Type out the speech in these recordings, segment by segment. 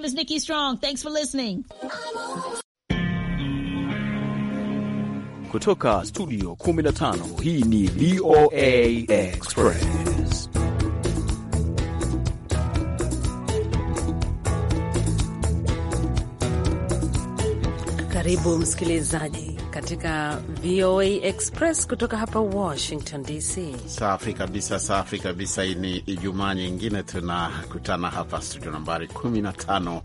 name is Nikki Strong. Thanks for listening. Kutoka studio 15, hii ni VOA Express. Karibu msikilizaji katika VOA Express kutoka hapa Washington DC. Safi kabisa, safi kabisa. Hii ni Ijumaa nyingine tunakutana hapa studio nambari 15.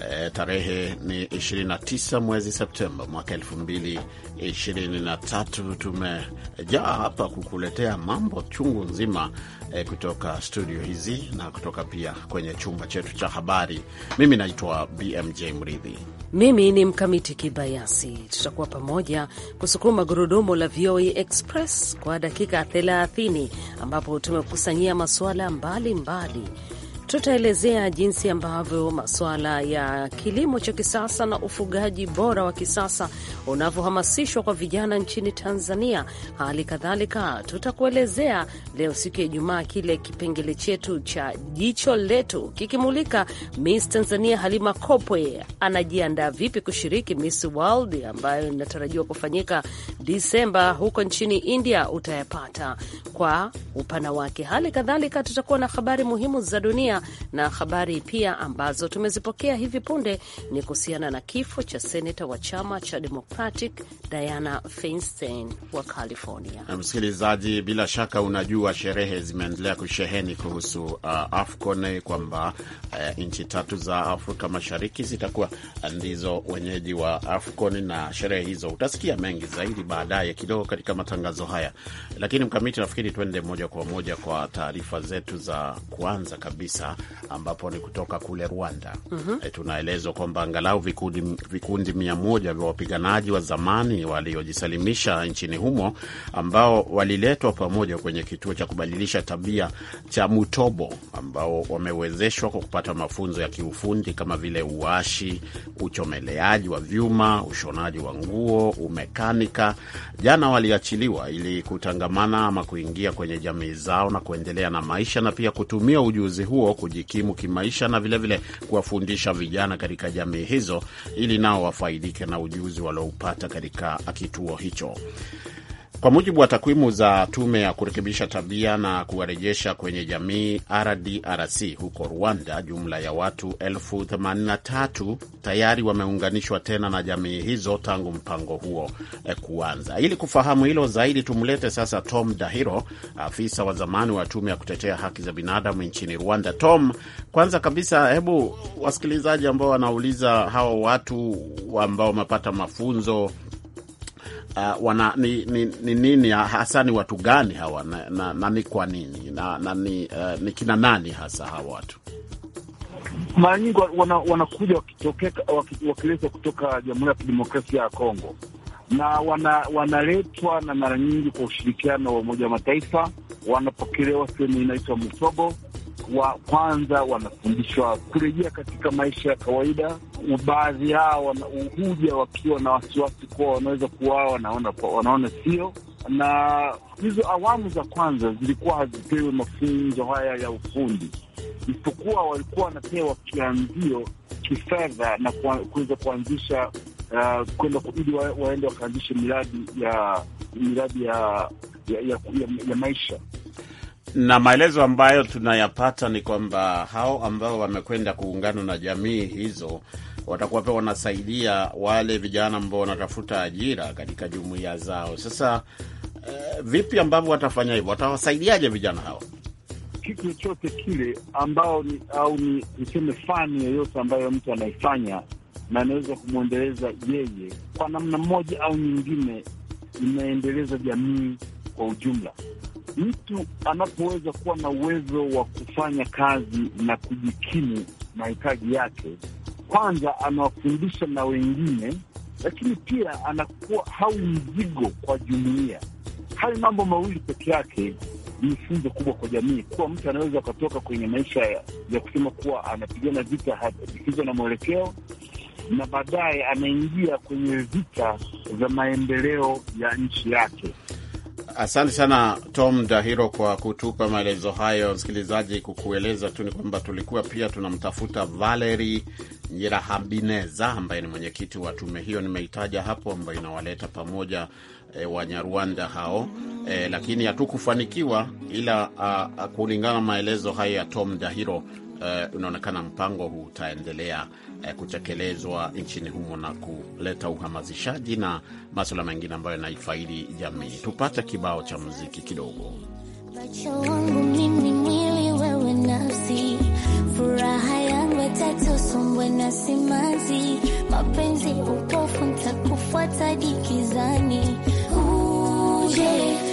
E, eh, tarehe ni 29 mwezi Septemba mwaka 2023. Tumejaa hapa kukuletea mambo chungu nzima e, kutoka studio hizi na kutoka pia kwenye chumba chetu cha habari. Mimi naitwa BMJ Mridhi mimi ni Mkamiti Kibayasi, tutakuwa pamoja kusukuma gurudumu la VOA e Express kwa dakika 30 ambapo tumekusanyia masuala mbalimbali mbali tutaelezea jinsi ambavyo masuala ya kilimo cha kisasa na ufugaji bora wa kisasa unavyohamasishwa kwa vijana nchini Tanzania. Hali kadhalika tutakuelezea leo, siku ya Ijumaa, kile kipengele chetu cha jicho letu kikimulika Miss Tanzania Halima Kopwe anajiandaa vipi kushiriki Miss World ambayo inatarajiwa kufanyika Disemba huko nchini India. Utayapata kwa upana wake. Hali kadhalika tutakuwa na habari muhimu za dunia na habari pia ambazo tumezipokea hivi punde ni kuhusiana na kifo cha seneta wa chama cha Democratic Diana Feinstein wa California. Msikilizaji, bila shaka unajua sherehe zimeendelea kusheheni kuhusu uh, AFCON eh, kwamba uh, nchi tatu za Afrika Mashariki zitakuwa ndizo wenyeji wa AFCON na sherehe hizo, utasikia mengi zaidi baadaye kidogo katika matangazo haya, lakini Mkamiti, nafikiri tuende moja kwa moja kwa taarifa zetu za kwanza kabisa ambapo ni kutoka kule Rwanda. mm -hmm. tunaelezwa kwamba angalau vikundi, vikundi mia moja vya wapiganaji wa zamani waliojisalimisha nchini humo ambao waliletwa pamoja kwenye kituo cha kubadilisha tabia cha Mutobo ambao wamewezeshwa kwa kupata mafunzo ya kiufundi kama vile uashi, uchomeleaji wa vyuma, ushonaji wa nguo, umekanika. Jana waliachiliwa ili kutangamana ama kuingia kwenye jamii zao na kuendelea na maisha na pia kutumia ujuzi huo kujikimu kimaisha na vilevile kuwafundisha vijana katika jamii hizo ili nao wafaidike na ujuzi walioupata katika kituo hicho. Kwa mujibu wa takwimu za tume ya kurekebisha tabia na kuwarejesha kwenye jamii RDRC huko Rwanda, jumla ya watu 83 tayari wameunganishwa tena na jamii hizo tangu mpango huo eh, kuanza. Ili kufahamu hilo zaidi, tumlete sasa Tom Dahiro, afisa wa zamani wa tume ya kutetea haki za binadamu nchini Rwanda. Tom, kwanza kabisa, hebu wasikilizaji ambao wanauliza hawa watu ambao wamepata mafunzo uh, wana, ni, ni, ni nini hasa, ni watu gani hawa na, na, na ni kwa nini na, na ni, uh, ni kina nani hasa hawa watu? Mara nyingi wanakuja wakiletwa kutoka Jamhuri ya Kidemokrasia ya Kongo na wanaletwa wana na mara nyingi kwa ushirikiano wa Umoja wa Mataifa, wanapokelewa sehemu inaitwa Mutobo wa kwanza wanafundishwa kurejea katika maisha ya kawaida. Baadhi yao huja wakiwa na wasiwasi kuwa wanaweza kuwawa, wanaona wanaona sio na hizo awamu za kwanza zilikuwa hazipewi mafunzo haya ya ufundi, isipokuwa walikuwa wanapewa kianzio kifedha na kuweza kuanzisha uh, kwenda ili waende wakaanzishe miradi ya miradi ya ya, ya, ya, ya maisha na maelezo ambayo tunayapata ni kwamba hao ambao wamekwenda kuungana na jamii hizo watakuwa pia wanasaidia wale vijana ambao wanatafuta ajira katika jumuiya zao. Sasa eh, vipi ambavyo watafanya hivyo? Watawasaidiaje vijana hawa? Kitu chochote kile ambao ni, au ni niseme fani yoyote ambayo mtu anaifanya na anaweza kumwendeleza yeye kwa namna moja au nyingine, inaendeleza jamii kwa ujumla mtu anapoweza kuwa na uwezo wa kufanya kazi na kujikimu mahitaji yake, kwanza anawafundisha na wengine, lakini pia anakuwa hau mzigo kwa jumuia. Hayo mambo mawili peke yake ni funzo kubwa kwa jamii, kuwa mtu anaweza akatoka kwenye maisha ya kusema kuwa anapigana vita zisizo na mwelekeo na baadaye anaingia kwenye vita vya maendeleo ya nchi yake. Asante sana Tom Dahiro kwa kutupa maelezo hayo. Msikilizaji, kukueleza tu ni kwamba tulikuwa pia tunamtafuta Valeri Nyirahabineza ambaye ni mwenyekiti wa tume hiyo nimeitaja hapo, ambayo inawaleta pamoja e, Wanyarwanda hao e, lakini hatukufanikiwa, ila ah, ah, kulingana maelezo hayo ya Tom Dahiro uh, unaonekana mpango huu utaendelea uh, kutekelezwa nchini humo na kuleta uhamasishaji na maswala mengine ambayo yanaifaidi jamii. Tupate kibao cha muziki kidogo. Macho wangu mimi, mwili wewe nafsi, furaha yangu tatosombwe na simanzi, mapenzi upofu, ntakufuata dikizani uje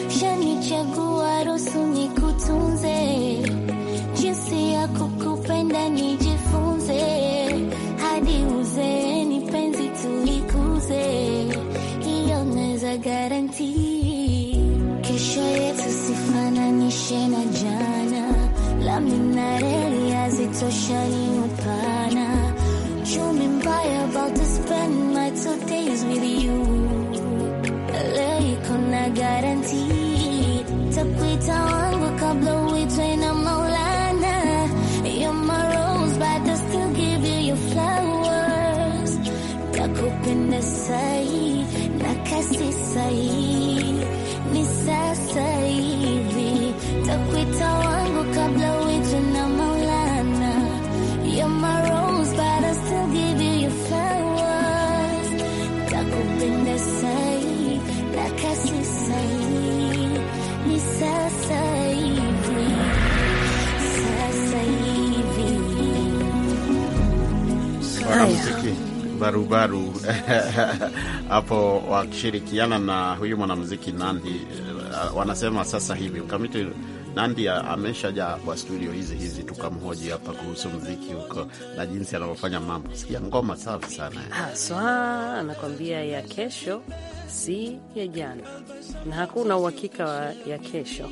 barubaru hapo wakishirikiana na huyu mwanamuziki Nandi. Eh, wanasema sasa hivi kamiti Nandi ameshajaa kwa studio hizi hizi, tukamhoji hapa kuhusu mziki huko na jinsi anavyofanya mambo. Sikia ngoma safi sana haswa, anakwambia ya kesho si ya jana, na hakuna uhakika ya kesho,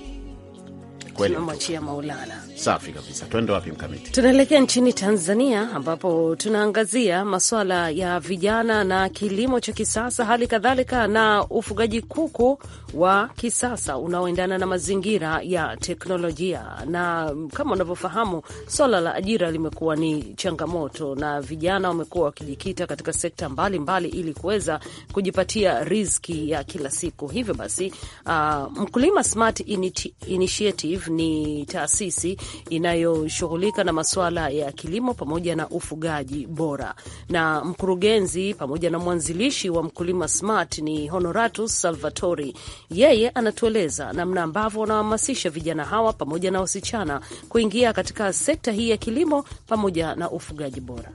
tunamwachia Maulana. Safi kabisa. Tuende wapi Mkamiti? Tunaelekea nchini Tanzania, ambapo tunaangazia masuala ya vijana na kilimo cha kisasa, hali kadhalika na ufugaji kuku wa kisasa unaoendana na mazingira ya teknolojia. Na kama unavyofahamu, swala la ajira limekuwa ni changamoto, na vijana wamekuwa wakijikita katika sekta mbalimbali mbali ili kuweza kujipatia riziki ya kila siku. Hivyo basi, uh, Mkulima Smart Initiative ni taasisi inayoshughulika na masuala ya kilimo pamoja na ufugaji bora, na mkurugenzi pamoja na mwanzilishi wa Mkulima Smart ni Honoratus Salvatori. Yeye anatueleza namna ambavyo wanahamasisha vijana hawa pamoja na wasichana kuingia katika sekta hii ya kilimo pamoja na ufugaji bora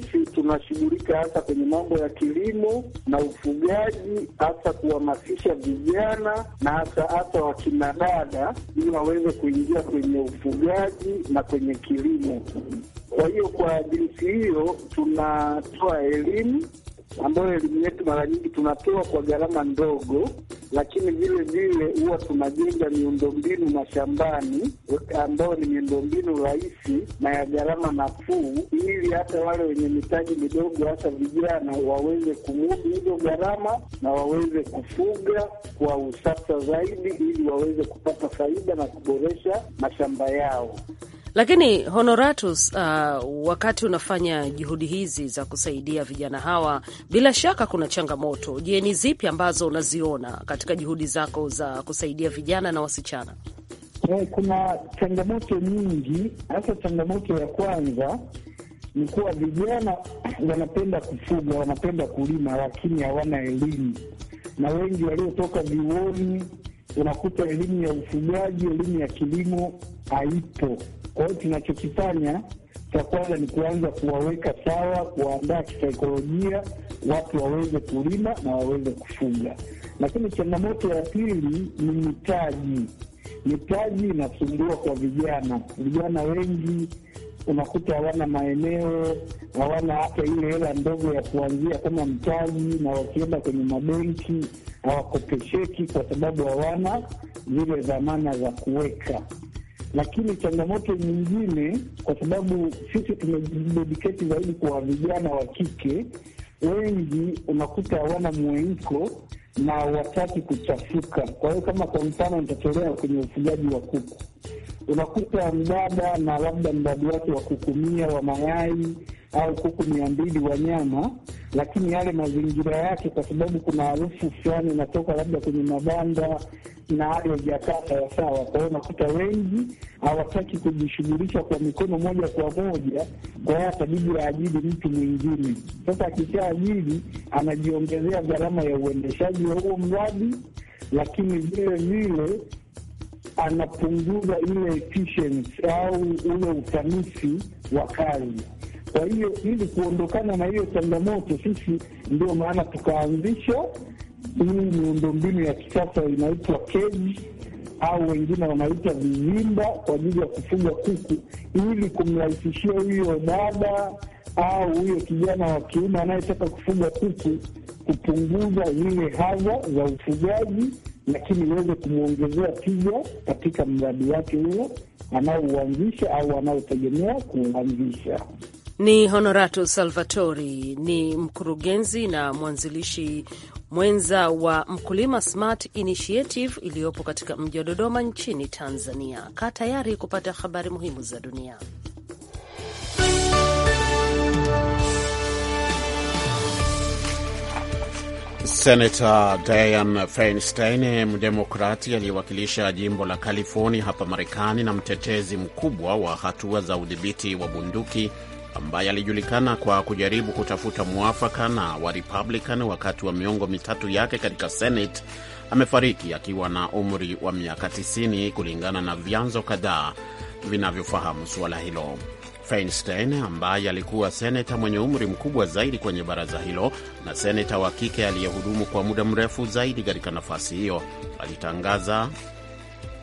sisi tunashughulika hasa kwenye mambo ya kilimo na ufugaji, hasa kuhamasisha vijana na hasa hasa wakina dada ili waweze kuingia kwenye ufugaji na kwenye kilimo. Kwa hiyo kwa jinsi hiyo tunatoa elimu ambayo elimu yetu mara nyingi tunapewa kwa gharama ndogo, lakini vile vile huwa tunajenga miundombinu mashambani ambayo ni miundombinu rahisi na ya gharama nafuu, ili hata wale wenye mitaji midogo, hasa vijana, waweze kumudu hizo gharama na waweze kufuga kwa usasa zaidi, ili waweze kupata faida na kuboresha mashamba yao. Lakini Honoratus, uh, wakati unafanya juhudi hizi za kusaidia vijana hawa, bila shaka kuna changamoto. Je, ni zipi ambazo unaziona katika juhudi zako za kusaidia vijana na wasichana? Eh, kuna changamoto nyingi, hasa changamoto ya kwanza ni kuwa vijana wanapenda kufuga, wanapenda kulima, lakini hawana elimu, na wengi waliotoka vyuoni unakuta elimu ya ufugaji, elimu ya kilimo haipo. Kwa hiyo tunachokifanya cha kwanza ni kuanza kuwaweka sawa, kuwaandaa kisaikolojia, watu waweze kulima na waweze kufuga. Lakini changamoto ya pili ni mitaji. Mitaji inasumbua kwa vijana. Vijana wengi unakuta hawana maeneo, hawana hata ile hela ndogo ya kuanzia kama mtaji, na wakienda kwenye mabenki hawakopesheki kwa sababu hawana zile dhamana za kuweka lakini changamoto nyingine, kwa sababu sisi tumejidediketi zaidi kwa vijana wa kike, wengi unakuta hawana mwemko na wataki kuchafuka. Kwa hiyo kama kwa mfano nitatolea kwenye ufugaji wa kuku, unakuta mdada na labda mdadi wake wa kukumia wa mayai au kuku mia mbili wa nyama, lakini yale mazingira yake, kwa sababu kuna harufu fulani inatoka labda kwenye mabanda na hali haijakaa sawasawa. Kwa hiyo unakuta wengi hawataki kujishughulisha kwa mikono moja kwa moja, kwa hiyo atabidi aajiri mtu mwingine. Sasa akisha ajiri, anajiongezea gharama ya uendeshaji wa huo mradi, lakini vile vile anapunguza ile efficiency au ule ufanisi wa kazi. Kwa hiyo ili kuondokana na hiyo changamoto, sisi ndio maana tukaanzisha hii miundombinu ya kisasa inaitwa keji au wengine wanaita vizimba kwa ajili ya kufuga kuku, ili kumrahisishia huyo dada au huyo kijana wa kiume anayetaka kufuga kuku, kupunguza zile hadha za ufugaji, lakini iweze kumwongezea tija katika mradi wake huo anaouanzisha au anaotegemea kuuanzisha. Ni Honorato Salvatori, ni mkurugenzi na mwanzilishi mwenza wa Mkulima Smart Initiative iliyopo katika mji wa Dodoma nchini Tanzania. ka tayari kupata habari muhimu za dunia. Senata Dianne Feinstein, mdemokrati aliyewakilisha jimbo la California hapa Marekani na mtetezi mkubwa wa hatua za udhibiti wa bunduki ambaye alijulikana kwa kujaribu kutafuta mwafaka na wa wakati wa miongo mitatu yake katika Senate amefariki akiwa na umri wa miaka 90 kulingana na vyanzo kadhaa vinavyofahamu suala hilo. Feinstein ambaye alikuwa seneta mwenye umri mkubwa zaidi kwenye baraza hilo na seneta wa kike aliyehudumu kwa muda mrefu zaidi katika nafasi hiyo alitangaza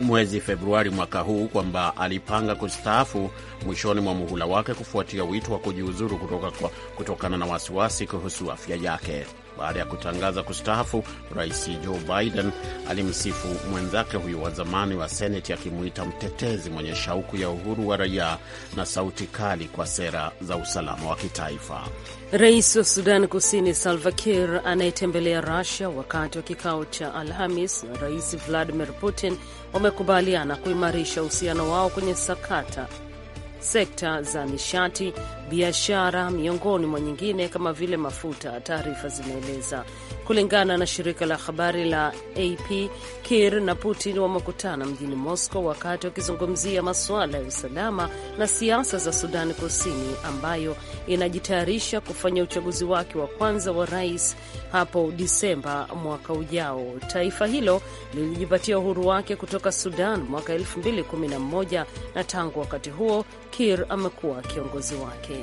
mwezi Februari mwaka huu kwamba alipanga kustaafu mwishoni mwa muhula wake kufuatia wito wa kujiuzuru kutokana kutoka na wasiwasi kuhusu afya yake. Baada ya kutangaza kustaafu, Rais Joe Biden alimsifu mwenzake huyo wa zamani wa Seneti akimuita mtetezi mwenye shauku ya uhuru wa raia na sauti kali kwa sera za usalama wa kitaifa. Rais wa Sudan Kusini Salva Kiir anayetembelea rusia wakati wa kikao cha Alhamis na Rais Vladimir Putin wamekubaliana kuimarisha uhusiano wao kwenye sakata sekta za nishati biashara, miongoni mwa nyingine kama vile mafuta, taarifa zimeeleza. Kulingana na shirika la habari la AP, Kir na Putin wamekutana mjini Moscow wakati wakizungumzia masuala ya usalama na siasa za Sudani Kusini ambayo inajitayarisha kufanya uchaguzi wake wa kwanza wa rais hapo Disemba mwaka ujao. Taifa hilo lilijipatia uhuru wake kutoka Sudan mwaka 2011 na tangu wakati huo Kir amekuwa kiongozi wake.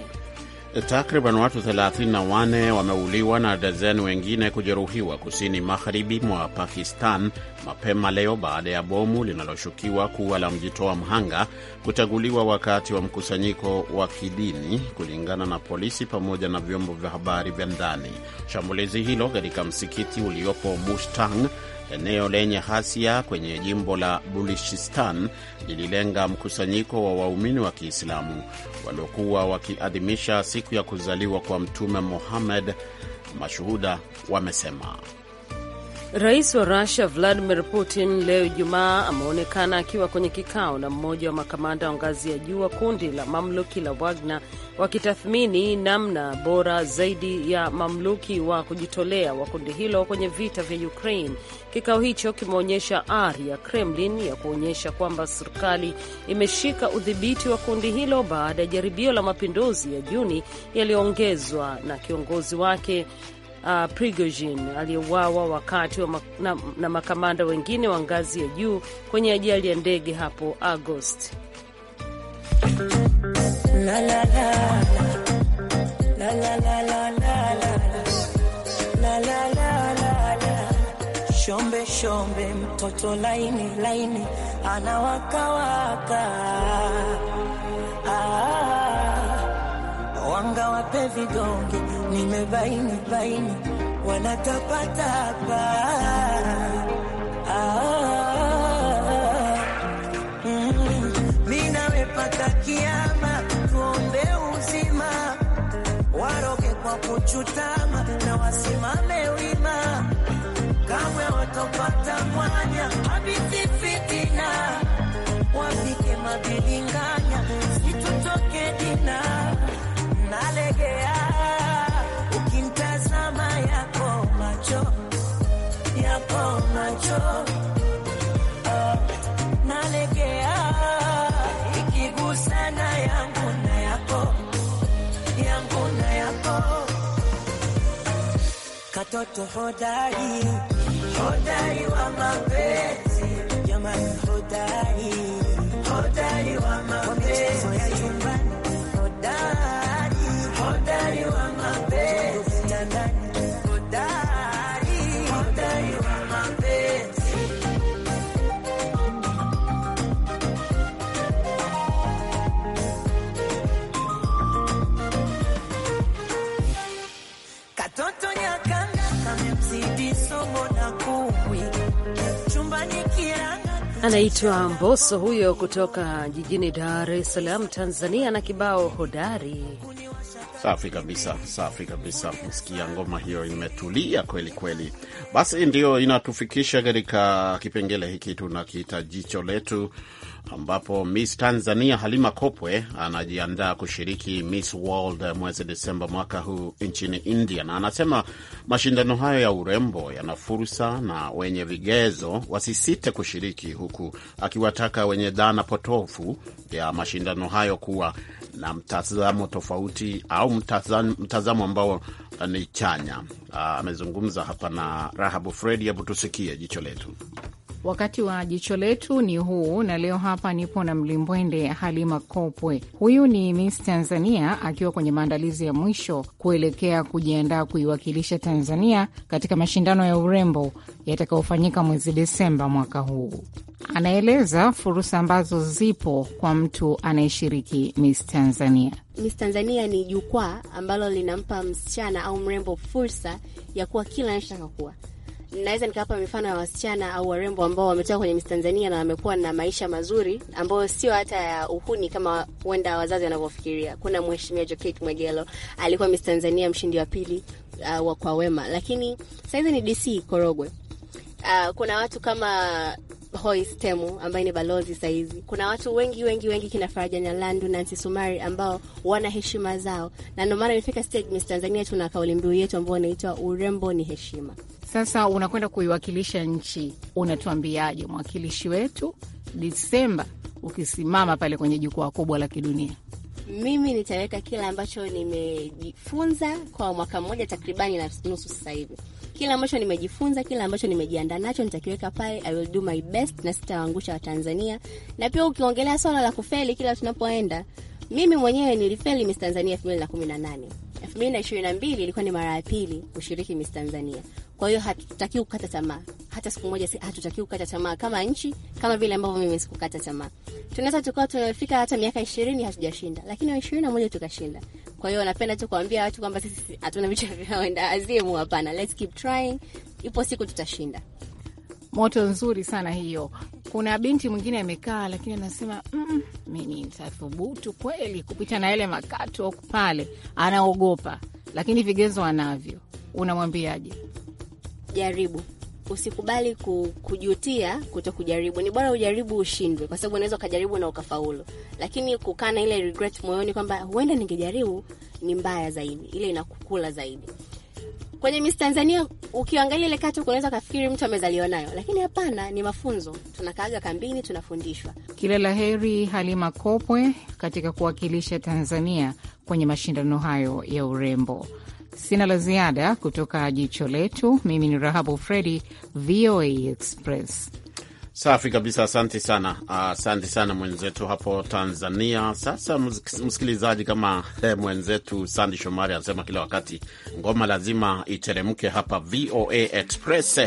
Eh, takriban watu 34 wameuliwa na dazeni wengine kujeruhiwa kusini magharibi mwa Pakistan mapema leo baada ya bomu linaloshukiwa kuwa la mjitoa mhanga kuteguliwa wakati wa mkusanyiko wa kidini, kulingana na polisi pamoja na vyombo vya habari vya ndani. Shambulizi hilo katika msikiti uliopo Mustang Eneo lenye hasia kwenye jimbo la Bulishistan lililenga mkusanyiko wa waumini wa Kiislamu waliokuwa wakiadhimisha siku ya kuzaliwa kwa Mtume Muhammad, mashuhuda wamesema. Rais wa Rusia Vladimir Putin leo Ijumaa ameonekana akiwa kwenye kikao na mmoja wa makamanda wa ngazi ya juu wa kundi la mamluki la Wagner wakitathmini namna bora zaidi ya mamluki wa kujitolea wa kundi hilo kwenye vita vya Ukraine Kikao hicho kimeonyesha ari ya Kremlin ya kuonyesha kwamba serikali imeshika udhibiti wa kundi hilo baada ya jaribio la mapinduzi ya Juni yaliyoongezwa na kiongozi wake Uh, Prigozhin aliyeuawa wakati wa mak na, na makamanda wengine wa ngazi ya juu kwenye ajali ya ndege hapo Agosti. Shombe shombe mtoto laini laini anawakawaka ah, wanga wape vidonge nimebaini baini wanatapatapa ah, chutama mm, kiama tuombe uzima kwa kuchutama na wasimame wima watopata mwanya, mabiti fitina wafike mabilinganya, situtoke dina nalegea, ukimtazama yako macho yako macho uh, nalegea, ikigusana yangu na yako yangu na yako katoto hodari hodari wa mapenzi jamani, hodari hodari wa mapenzi ya chumbani, hodari hodari wa mapenzi Anaitwa Mboso huyo kutoka jijini Dar es Salaam, Tanzania, na kibao hodari. Safi kabisa, safi kabisa. Msikia ngoma hiyo imetulia kweli kweli. Basi ndio inatufikisha katika kipengele hiki tunakiita jicho letu ambapo Miss Tanzania Halima Kopwe anajiandaa kushiriki Miss World mwezi Desemba mwaka huu nchini India, na anasema mashindano hayo ya urembo yana fursa na wenye vigezo wasisite kushiriki, huku akiwataka wenye dhana potofu ya mashindano hayo kuwa na mtazamo tofauti au mtazamo ambao ni chanya. Ah, amezungumza hapa na Rahabu Fredi. Hebu tusikie jicho letu. Wakati wa jicho letu ni huu, na leo hapa nipo na mlimbwende Halima Kopwe. Huyu ni Miss Tanzania akiwa kwenye maandalizi ya mwisho kuelekea kujiandaa kuiwakilisha Tanzania katika mashindano ya urembo yatakayofanyika mwezi Desemba mwaka huu. Anaeleza fursa ambazo zipo kwa mtu anayeshiriki Miss Tanzania. Miss Tanzania ni jukwaa ambalo linampa msichana au mrembo fursa ya kuwa kila anachotaka kuwa naweza nikawapa mifano ya wasichana au warembo ambao wametoka kwenye Miss Tanzania na wamekuwa na maisha mazuri ambayo sio hata ya uhuni kama huenda wazazi wanavyofikiria. Kuna mheshimiwa Jokate Mwegelo alikuwa Miss Tanzania mshindi wa pili uh, wa kwa wema, lakini saizi ni DC Korogwe. Uh, kuna watu kama Hoistemu ambaye ni balozi saizi. Kuna watu wengi wengi wengi kina Faraja Nyalandu, Nancy Sumari ambao wana heshima zao, na ndio maana imefika stage Miss Tanzania tuna kauli mbiu yetu ambayo inaitwa urembo ni heshima. Sasa unakwenda kuiwakilisha nchi, unatuambiaje mwakilishi wetu Disemba ukisimama pale kwenye jukwaa kubwa la kidunia? Mimi nitaweka kila ambacho nimejifunza kwa mwaka mmoja takribani na nusu sasa hivi kila ambacho nimejifunza, kila ambacho nimejiandaa nacho nitakiweka pale. I will do my best na sitawaangusha Watanzania. Na pia ukiongelea swala la kufeli, kila tunapoenda, mimi mwenyewe nilifeli Miss Tanzania 2018. 2022 ilikuwa ni mara ya pili kushiriki Miss Tanzania. Kwa hiyo hatutaki kukata tamaa. Hata siku moja si hatutaki kukata tamaa kama nchi, kama vile ambavyo mimi sikukata tamaa. Tunaweza tukawa tunafika hata miaka 20 hatujashinda, lakini 21 tukashinda. Kwa hiyo napenda tu kuambia watu kwamba sisi hatuna vichwa vya wenda azimu. Hapana, let's keep trying, ipo siku tutashinda. Moto nzuri sana hiyo. Kuna binti mwingine amekaa, lakini anasema mm, mimi nitathubutu kweli kupita na yale makato pale, anaogopa, lakini vigezo anavyo. Unamwambiaje? Jaribu usikubali kujutia kuto kujaribu. Ni bora ujaribu ushindwe, kwa sababu unaweza ukajaribu na ukafaulu, lakini kukaa na ile regret moyoni kwamba huenda ningejaribu ni mbaya zaidi, ile inakukula zaidi. Kwenye Miss Tanzania ukiangalia ile kati unaweza kafikiri mtu amezaliwa nayo, lakini hapana, ni mafunzo. Tunakaaga kambini, tunafundishwa. Kila la heri Halima Kopwe katika kuwakilisha Tanzania kwenye mashindano hayo ya urembo. Sina la ziada kutoka jicho letu. Mimi ni Rahabu Fredi, VOA Express. Safi kabisa, asante sana, asante sana mwenzetu hapo Tanzania. Sasa msikilizaji, kama eh, mwenzetu Sandi Shomari anasema kila wakati ngoma lazima iteremke hapa VOA Express.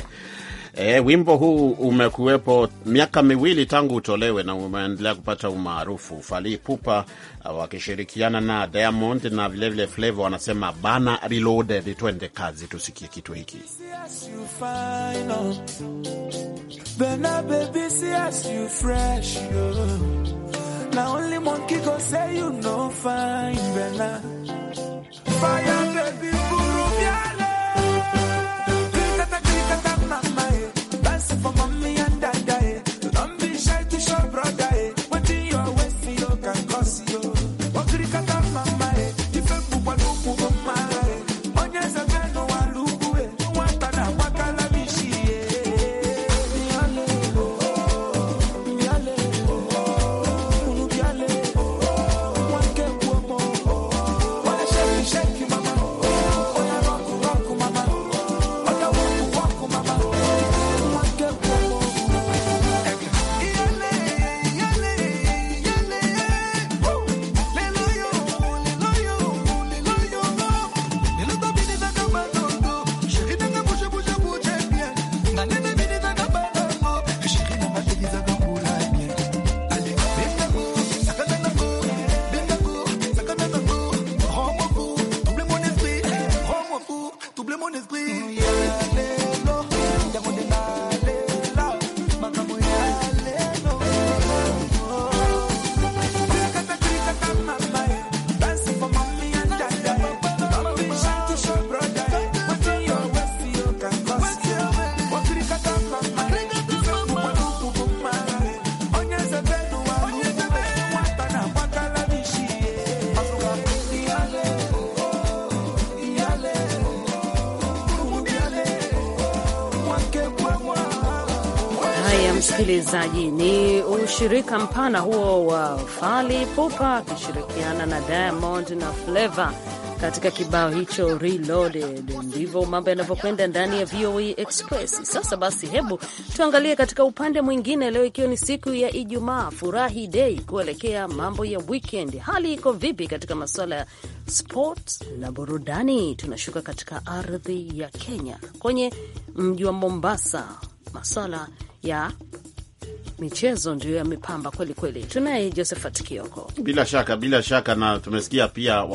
E, wimbo huu umekuwepo miaka miwili tangu utolewe na umeendelea kupata umaarufu. Fally Ipupa uh, wakishirikiana na Diamond na vilevile Flavour wanasema bana reloaded. Twende kazi tusikie kitu hiki. msikilizaji, ni ushirika mpana huo wa fali pupa akishirikiana na Diamond na Fleva katika kibao hicho Reloaded. Ndivyo mambo yanavyokwenda ndani ya VOA e Express. Sasa basi, hebu tuangalie katika upande mwingine, leo ikiwa ni siku ya Ijumaa, furahi dei, kuelekea mambo ya weekend. Hali iko vipi katika masuala ya sport na burudani? Tunashuka katika ardhi ya Kenya, kwenye mji wa Mombasa, masuala ya michezo ndio yamepamba kweli kweli. Tunaye Josephat Kioko, bila shaka bila shaka, na tumesikia pia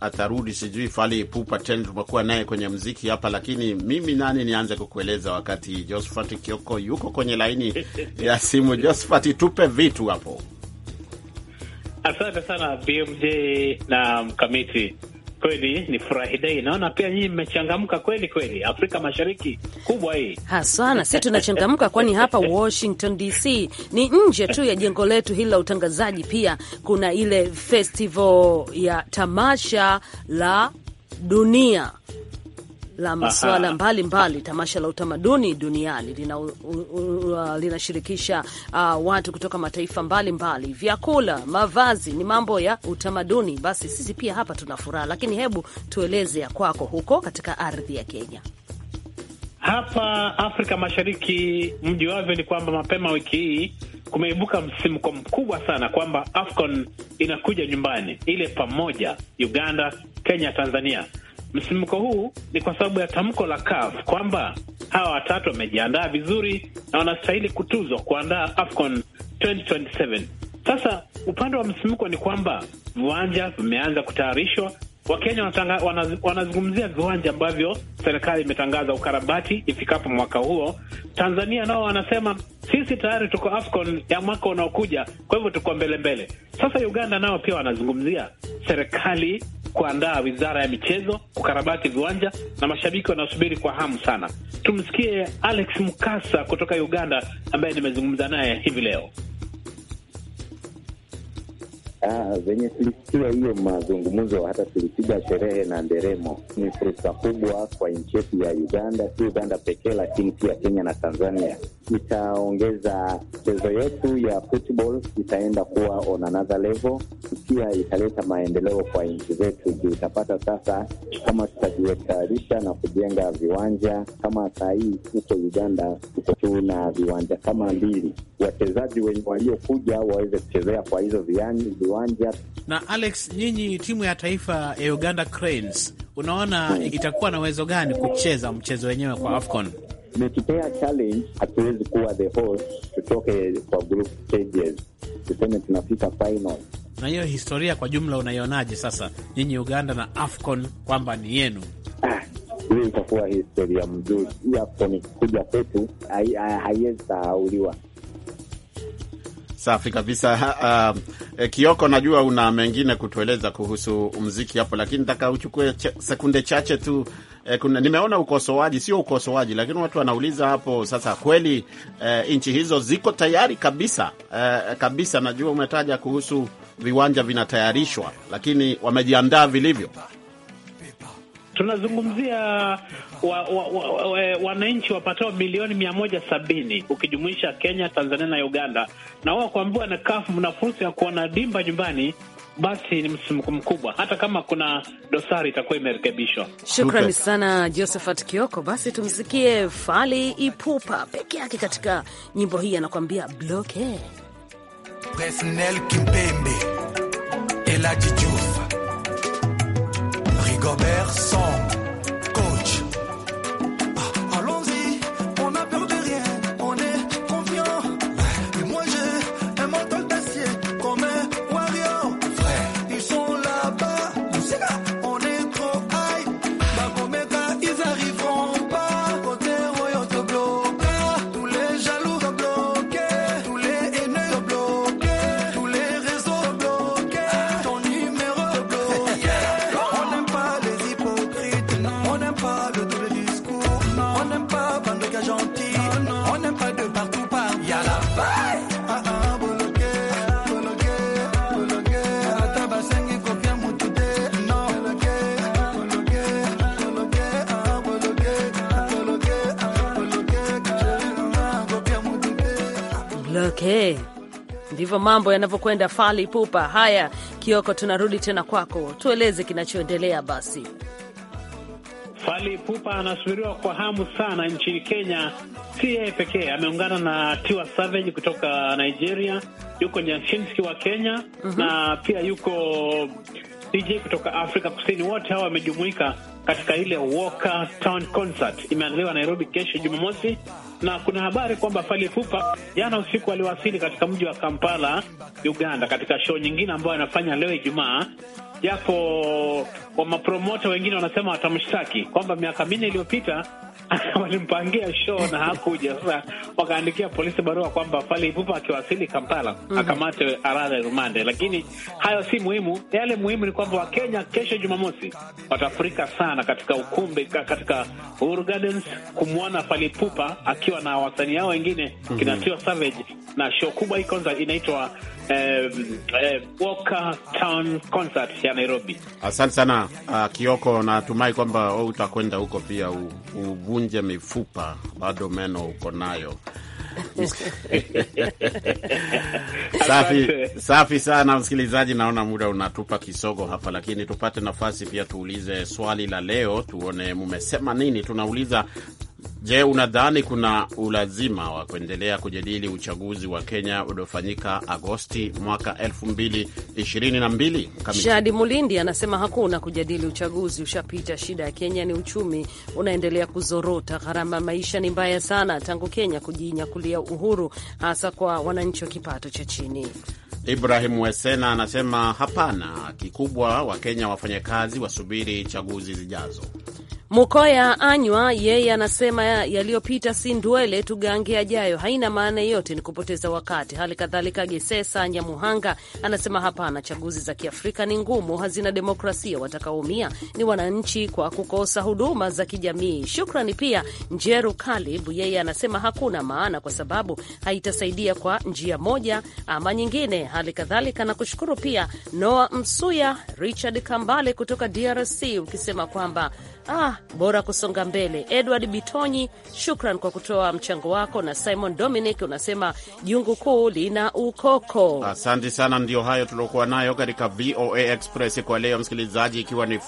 atarudi ata, sijui Fali Pupa tena, tumekuwa naye kwenye mziki hapa, lakini mimi nani nianze kukueleza wakati Josephat Kioko yuko kwenye laini ya simu. Josephat, tupe vitu hapo. Asante sana BMJ na mkamiti. Kweli ni furahi naona pia nyinyi mmechangamka kweli kweli. Afrika Mashariki kubwa hii haswa, na sisi tunachangamka, kwani hapa Washington DC ni nje tu ya jengo letu hili la utangazaji. Pia kuna ile festival ya tamasha la dunia la masuala mbalimbali. Tamasha la utamaduni duniani lina, uh, linashirikisha uh, watu kutoka mataifa mbalimbali mbali. Vyakula, mavazi ni mambo ya utamaduni. Basi sisi pia hapa tuna furaha, lakini hebu tueleze ya kwako huko katika ardhi ya Kenya. Hapa Afrika Mashariki, mji wavyo ni kwamba mapema wiki hii kumeibuka msimko mkubwa sana kwamba AFCON inakuja nyumbani, ile pamoja Uganda, Kenya, Tanzania Msimko huu ni kwa sababu ya tamko la CAF kwamba hawa watatu wamejiandaa vizuri na wanastahili kutuzwa kuandaa AFCON 2027. Sasa upande wa msimko ni kwamba viwanja vimeanza kutayarishwa. Wakenya wanaz, wanazungumzia viwanja ambavyo serikali imetangaza ukarabati ifikapo mwaka huo. Tanzania nao wanasema sisi tayari tuko AFCON ya mwaka unaokuja, kwa hivyo tuko mbele mbele. Sasa Uganda nao pia wanazungumzia serikali kuandaa wizara ya michezo, kukarabati viwanja na mashabiki wanaosubiri kwa hamu sana. Tumsikie Alex mkasa kutoka Uganda ambaye nimezungumza naye hivi leo. Ah, venye tulisikia hiyo mazungumzo, hata tulipiga sherehe na nderemo. Ni fursa kubwa kwa nchi yetu ya Uganda, si Uganda pekee, lakini pia Kenya na Tanzania itaongeza chezo yetu ya football, itaenda kuwa on another level. Pia italeta maendeleo kwa nchi zetu juu itapata sasa, kama tutajiwetayarisha na kujenga viwanja kama saa hii huko Uganda na viwanja kama mbili, wachezaji wenye waliokuja waweze kuchezea kwa hizo viwanja. Na Alex, nyinyi timu ya taifa ya Uganda Cranes, unaona hmm. itakuwa na uwezo gani kucheza mchezo wenyewe kwa AFCON? Nikipea challenge, hatuwezi kuwa the host, tutoke kwa group stages, tuseme tunafika final. Na hiyo historia kwa jumla unaionaje sasa, nyinyi Uganda na AFCON kwamba ni yenu? Ah, itakuwa historia mzuri. Hii AFCON kuja kwetu haiwezi sahauliwa. Safi kabisa. Uh, Kioko, najua una mengine kutueleza kuhusu mziki hapo, lakini nataka uchukue ch sekunde chache tu eh, kuna, nimeona ukosoaji, sio ukosoaji, lakini watu wanauliza hapo sasa, kweli eh, nchi hizo ziko tayari kabisa eh, kabisa. Najua umetaja kuhusu viwanja vinatayarishwa, lakini wamejiandaa vilivyo. Tunazungumzia wananchi wa, wa, wa, eh, wapatao milioni mia moja sabini ukijumuisha Kenya, Tanzania na Uganda, na wao kuambiwa na kafu mna fursa ya kuona dimba nyumbani basi ni msisimko mkubwa, hata kama kuna dosari itakuwa imerekebishwa. Shukrani sana Josephat Kioko. Basi tumsikie fali Ipupa peke yake katika nyimbo hii, anakuambia bloke Presnel Kimpembe Elaji Jufa Rigobert Song Okay, ndivyo mambo yanavyokwenda. Fali Pupa. Haya, Kioko, tunarudi tena kwako, tueleze kinachoendelea basi. Fali Pupa anasubiriwa kwa hamu sana nchini Kenya. Si yeye pekee, ameungana na Tiwa Savage kutoka Nigeria, yuko Nyanshinski wa Kenya mm -hmm. na pia yuko DJ kutoka Afrika Kusini. Wote hawa wamejumuika katika ile Walker Town Concert, imeandaliwa Nairobi kesho Jumamosi na kuna habari kwamba Fally Ipupa jana usiku aliwasili katika mji wa Kampala, Uganda, katika show nyingine ambayo anafanya leo Ijumaa, japo wamapromota wengine wanasema watamshtaki kwamba miaka minne iliyopita walimpangia show na hakuja. Sasa wakaandikia polisi barua kwamba Fally Ipupa akiwasili Kampala mm -hmm. akamate arara rumande, lakini hayo si muhimu. Yale muhimu ni kwamba Wakenya kesho Jumamosi watafurika sana katika ukumbi katika Uhuru Gardens kumwona Fally Ipupa akiwa na wasanii hao wengine mm -hmm. kinatiwa Savage na show kubwa hii kwanza inaitwa Um, um, Walker Town Concert ya Nairobi. Asante sana uh, Kioko, natumai kwamba utakwenda huko pia u, u, uvunje mifupa, bado meno uko nayo. safi, safi sana msikilizaji, naona muda unatupa kisogo hapa, lakini tupate nafasi pia tuulize swali la leo, tuone mumesema nini. Tunauliza Je, unadhani kuna ulazima wa kuendelea kujadili uchaguzi wa Kenya uliofanyika Agosti mwaka 2022? Shadi Mulindi anasema hakuna kujadili uchaguzi, ushapita. Shida ya Kenya ni uchumi unaendelea kuzorota, gharama maisha ni mbaya sana tangu Kenya kujinyakulia uhuru, hasa kwa wananchi wa kipato cha chini. Ibrahim Wesena anasema hapana, kikubwa Wakenya wafanyakazi wasubiri chaguzi zijazo. Mukoya Anywa yeye anasema yaliyopita si ndwele, tugange yajayo, haina maana yeyote, ni kupoteza wakati. Hali kadhalika Gesesa Nyamuhanga anasema hapana, chaguzi za Kiafrika ni ngumu, hazina demokrasia, watakaoumia ni wananchi kwa kukosa huduma za kijamii. Shukrani pia Njeru Kalib, yeye anasema hakuna maana kwa sababu haitasaidia kwa njia moja ama nyingine. Hali kadhalika nakushukuru pia noa Msuya, Richard Kambale kutoka DRC ukisema kwamba ah, bora kusonga mbele. Edward Bitonyi, shukran kwa kutoa mchango wako, na Simon Dominic unasema jungu kuu lina ukoko. Asante sana. Ndio hayo tuliokuwa nayo katika VOA Express kwa leo, msikilizaji, ikiwa ni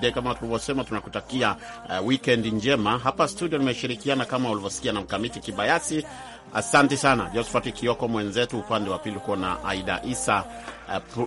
de kama tulivyosema, tunakutakia uh, wikend njema. Hapa studio nimeshirikiana kama ulivyosikia na Mkamiti Kibayasi. Asante sana josfati Kioko mwenzetu, upande wa pili uko na Aida Isa uh,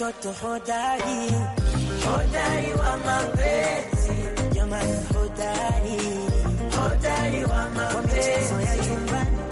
watoto hodari, hodari wa mapenzi, jamani, hodari, hodari wa mapenzi